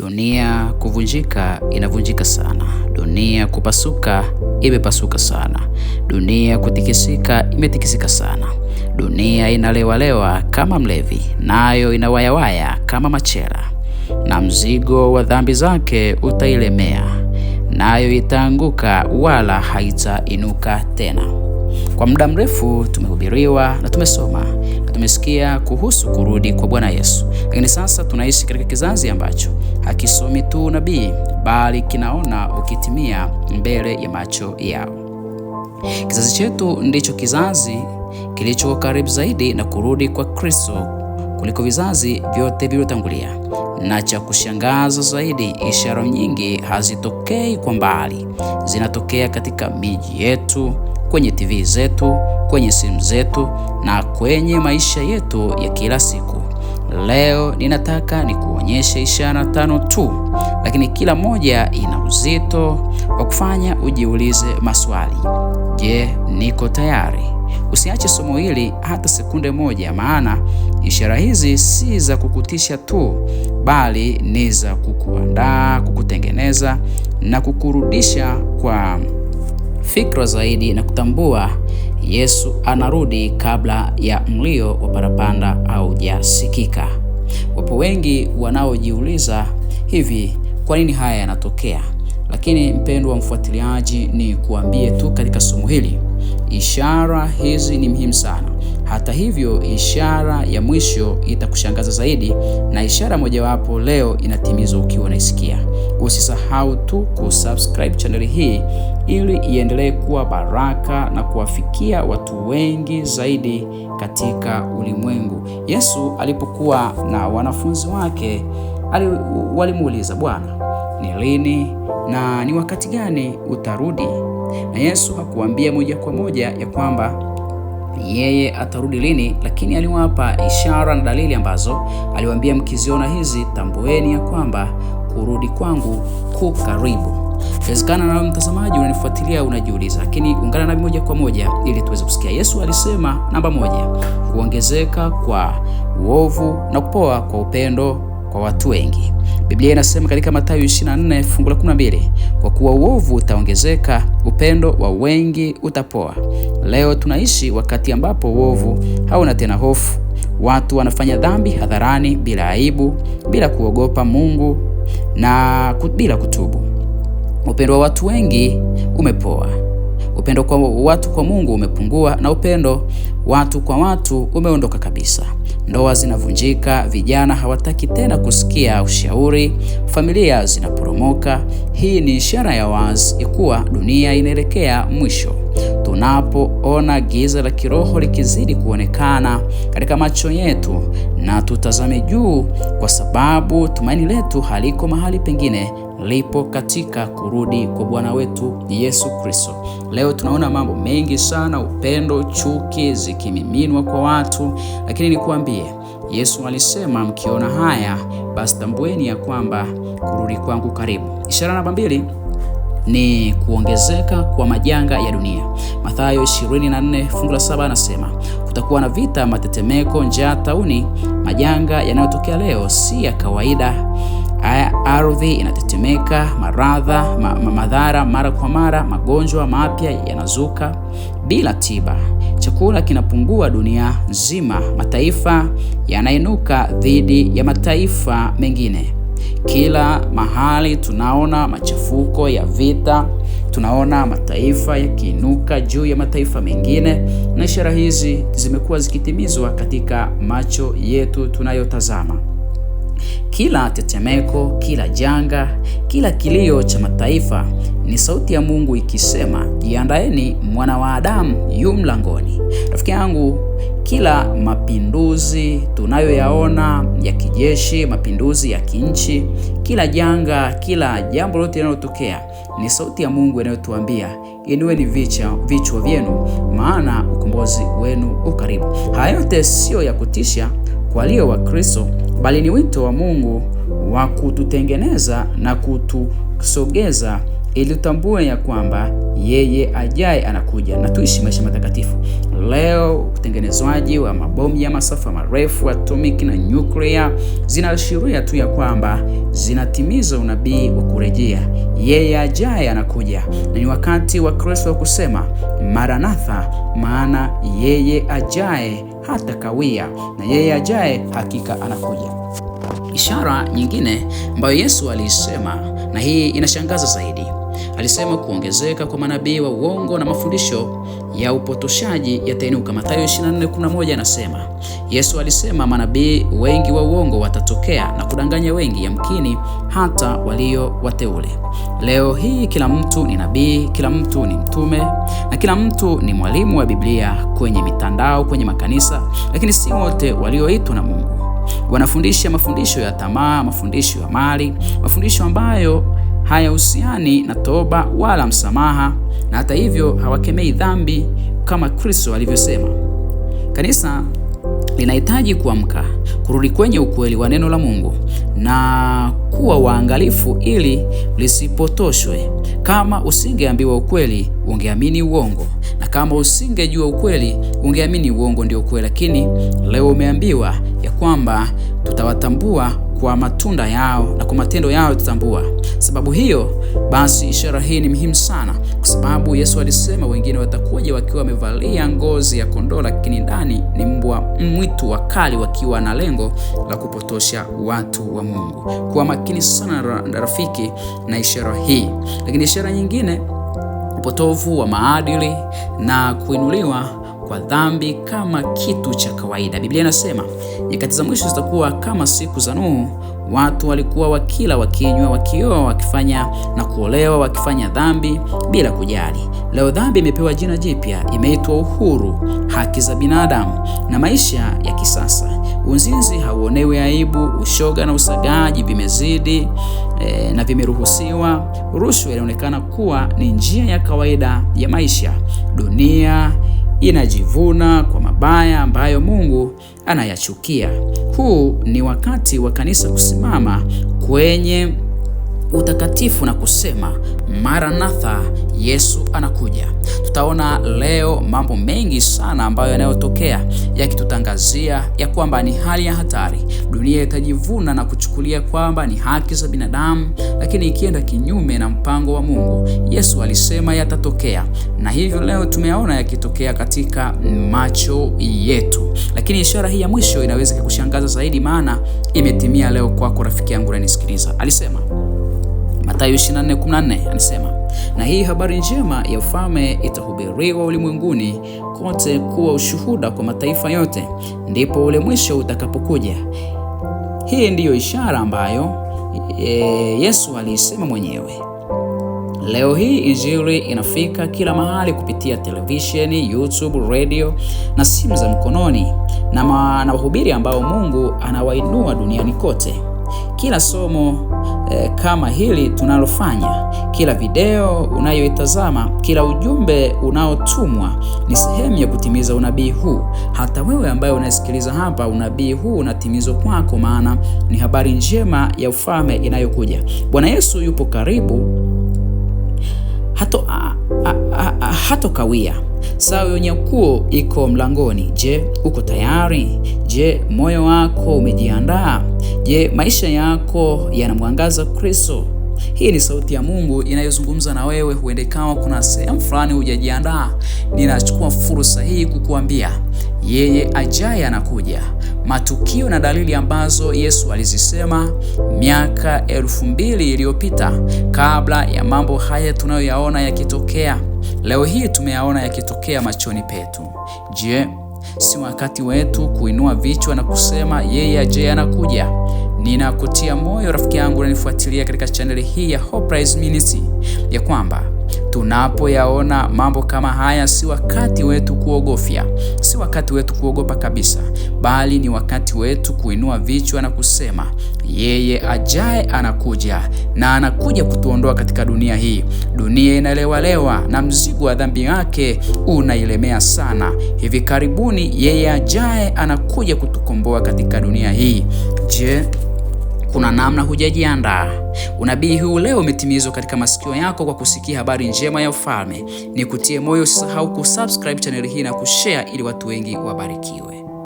Dunia kuvunjika inavunjika sana, dunia kupasuka imepasuka sana, dunia kutikisika imetikisika sana, dunia inalewalewa kama mlevi, nayo inawayawaya kama machela, na mzigo wa dhambi zake utailemea, nayo itaanguka wala haitainuka tena. Kwa muda mrefu tumehubiriwa na tumesoma tumesikia kuhusu kurudi kwa Bwana Yesu, lakini sasa tunaishi katika kizazi ambacho hakisomi tu nabii bali kinaona ukitimia mbele ya macho yao. Kizazi chetu ndicho kizazi kilicho karibu zaidi na kurudi kwa Kristo kuliko vizazi vyote vilivyotangulia, na cha kushangaza zaidi, ishara nyingi hazitokei kwa mbali, zinatokea katika miji yetu, kwenye TV zetu kwenye simu zetu na kwenye maisha yetu ya kila siku. Leo ninataka nikuonyeshe ishara tano tu, lakini kila moja ina uzito wa kufanya ujiulize maswali. Je, niko tayari? Usiache somo hili hata sekunde moja, maana ishara hizi si za kukutisha tu, bali ni za kukuandaa, kukutengeneza na kukurudisha kwa fikra zaidi na kutambua Yesu anarudi kabla ya mlio wa parapanda haujasikika. Wapo wengi wanaojiuliza hivi, kwa nini haya yanatokea? Lakini mpendwa mfuatiliaji, ni kuambie tu katika somo hili, ishara hizi ni muhimu sana. Hata hivyo, ishara ya mwisho itakushangaza zaidi, na ishara mojawapo leo inatimizwa ukiwa unaisikia. Usisahau tu kusubscribe chaneli hii ili iendelee kuwa baraka na kuwafikia watu wengi zaidi katika ulimwengu. Yesu alipokuwa na wanafunzi wake walimuuliza, Bwana, ni lini na ni wakati gani utarudi? Na Yesu hakuambia moja kwa moja ya kwamba yeye atarudi lini, lakini aliwapa ishara na dalili ambazo aliwaambia, mkiziona hizi tambueni ya kwamba kurudi kwangu ku karibu. Inawezekana nawe mtazamaji unanifuatilia unajiuliza, lakini ungana nami moja kwa moja ili tuweze kusikia. Yesu alisema namba moja, kuongezeka kwa uovu na kupoa kwa upendo kwa watu wengi. Biblia inasema katika Mathayo 24 fungu la 12, kwa kuwa uovu utaongezeka, upendo wa wengi utapoa. Leo tunaishi wakati ambapo uovu hauna tena hofu. Watu wanafanya dhambi hadharani bila aibu, bila kuogopa Mungu na bila kutubu. Upendo wa watu wengi umepoa, upendo kwa watu kwa Mungu umepungua, na upendo watu kwa watu umeondoka kabisa. Ndoa zinavunjika, vijana hawataki tena kusikia ushauri, familia zinaporomoka. Hii ni ishara ya wazi kuwa dunia inaelekea mwisho tunapoona giza la kiroho likizidi kuonekana katika macho yetu, na tutazame juu, kwa sababu tumaini letu haliko mahali pengine, lipo katika kurudi kwa Bwana wetu Yesu Kristo. Leo tunaona mambo mengi sana, upendo, chuki zikimiminwa kwa watu, lakini nikuambie, Yesu alisema mkiona haya basi tambueni ya kwamba kurudi kwangu karibu. Ishara namba mbili ni kuongezeka kwa majanga ya dunia. Mathayo 24 fungu la 7 anasema kutakuwa na vita, matetemeko, njaa, tauni. Majanga yanayotokea leo si ya kawaida. Ardhi inatetemeka, maradha ma, madhara mara kwa mara, magonjwa mapya yanazuka bila tiba, chakula kinapungua dunia nzima, mataifa yanainuka dhidi ya mataifa mengine. Kila mahali tunaona machafuko ya vita, tunaona mataifa yakiinuka juu ya mataifa mengine, na ishara hizi zimekuwa zikitimizwa katika macho yetu tunayotazama. Kila tetemeko, kila janga, kila kilio cha mataifa ni sauti ya Mungu ikisema, jiandaeni, mwana wa Adamu yu mlangoni. Rafiki yangu, kila mapinduzi tunayoyaona ya kijeshi, mapinduzi ya kinchi, kila janga, kila jambo lote linalotokea ni sauti ya Mungu inayotuambia inueni vichwa vichwa vyenu, maana ukombozi wenu ukaribu. Haya yote siyo ya kutisha wa Wakristo, bali ni wito wa Mungu wa kututengeneza na kutusogeza ili tutambue ya kwamba yeye ajaye anakuja na tuishi maisha matakatifu. Leo utengenezwaji wa mabomu ya masafa marefu atomiki na nyuklia zinaashiria tu ya kwamba zinatimiza unabii wa kurejea yeye ajaye anakuja, na ni wakati wa Kristo wa kusema Maranatha, maana yeye ajaye hata kawia, na yeye ajaye hakika anakuja. Ishara nyingine ambayo Yesu aliisema, na hii inashangaza zaidi Alisema kuongezeka kwa manabii wa uongo na mafundisho ya upotoshaji yatainuka. Mathayo 24:11 anasema, Yesu alisema manabii wengi wa uongo watatokea na kudanganya wengi, yamkini hata walio wateule. Leo hii kila mtu ni nabii, kila mtu ni mtume na kila mtu ni mwalimu wa Biblia kwenye mitandao, kwenye makanisa, lakini si wote walioitwa na Mungu wanafundisha mafundisho ya tamaa, mafundisho ya mali, mafundisho ambayo hayahusiani na toba wala msamaha, na hata hivyo hawakemei dhambi kama Kristo alivyosema. Kanisa linahitaji kuamka, kurudi kwenye ukweli wa neno la Mungu na kuwa waangalifu ili lisipotoshwe. Kama usingeambiwa ukweli, ungeamini uongo, na kama usingejua ukweli, ungeamini uongo ndio ukweli. Lakini leo umeambiwa ya kwamba tutawatambua kwa matunda yao na kwa matendo yao tutambua. Sababu hiyo basi, ishara hii ni muhimu sana, kwa sababu Yesu alisema, wengine watakuja wakiwa wamevalia ngozi ya kondoo, lakini ndani ni mbwa mwitu wakali, wakiwa na lengo la kupotosha watu wa Mungu. Kuwa makini sana na rafiki na ishara hii. Lakini ishara nyingine, upotovu wa maadili na kuinuliwa kwa dhambi kama kitu cha kawaida. Biblia inasema nyakati za mwisho zitakuwa kama siku za Nuhu. Watu walikuwa wakila, wakinywa, wakioa, wakifanya na kuolewa, wakifanya dhambi bila kujali. Leo dhambi imepewa jina jipya, imeitwa uhuru, haki za binadamu na maisha ya kisasa. Uzinzi hauonewi aibu, ushoga na usagaji vimezidi e, na vimeruhusiwa. Rushwa inaonekana kuwa ni njia ya kawaida ya maisha. Dunia inajivuna kwa mabaya ambayo Mungu anayachukia. Huu ni wakati wa kanisa kusimama kwenye utakatifu na kusema Maranatha, Yesu anakuja. Tutaona leo mambo mengi sana ambayo yanayotokea yakitutangazia ya kwamba ni hali ya hatari. Dunia itajivuna na kuchukulia kwamba ni haki za binadamu, lakini ikienda kinyume na mpango wa Mungu. Yesu alisema yatatokea, na hivyo leo tumeona yakitokea katika macho yetu. Lakini ishara hii ya mwisho inaweza kushangaza zaidi, maana imetimia leo kwako, rafiki yangu unanisikiliza. Alisema Mathayo 24:14 anasema, na hii habari njema ya ufalme itahubiriwa ulimwenguni kote kuwa ushuhuda kwa mataifa yote, ndipo ule mwisho utakapokuja. Hii ndiyo ishara ambayo e, Yesu aliisema mwenyewe. Leo hii injili inafika kila mahali kupitia televisheni, YouTube, radio na simu za mkononi na, na wahubiri ambao Mungu anawainua duniani kote. Kila somo e, kama hili tunalofanya. Kila video unayoitazama, kila ujumbe unaotumwa ni sehemu ya kutimiza unabii huu. Hata wewe ambaye unasikiliza hapa, unabii huu unatimizwa kwako, maana ni habari njema ya ufalme inayokuja. Bwana Yesu yupo karibu, hato, a, a, a, a, hato kawia. Saa ya unyakuo iko mlangoni. Je, uko tayari? Je, moyo wako umejiandaa? Je, maisha yako yanamwangaza Kristo? Hii ni sauti ya Mungu inayozungumza na wewe. Huende kama kuna sehemu fulani hujajiandaa, ninachukua fursa hii kukuambia yeye ajaye anakuja. Matukio na dalili ambazo Yesu alizisema miaka elfu mbili iliyopita kabla ya mambo haya tunayoyaona yakitokea leo hii tumeyaona yakitokea machoni petu. Je, Si wakati wetu kuinua vichwa na kusema yeye aje anakuja. Ninakutia moyo rafiki yangu unanifuatilia katika chaneli hii ya Hope Rise Ministry ya kwamba Tunapoyaona mambo kama haya, si wakati wetu kuogofya, si wakati wetu kuogopa kabisa, bali ni wakati wetu kuinua vichwa na kusema yeye ajaye anakuja, na anakuja kutuondoa katika dunia hii. Dunia inalewalewa na mzigo wa dhambi yake unailemea sana. Hivi karibuni yeye ajaye anakuja kutukomboa katika dunia hii. Je, kuna namna hujajiandaa. Unabii huu leo umetimizwa katika masikio yako kwa kusikia habari njema ya ufalme. Ni kutie moyo, usisahau kusubscribe chaneli hii na kushare ili watu wengi wabarikiwe.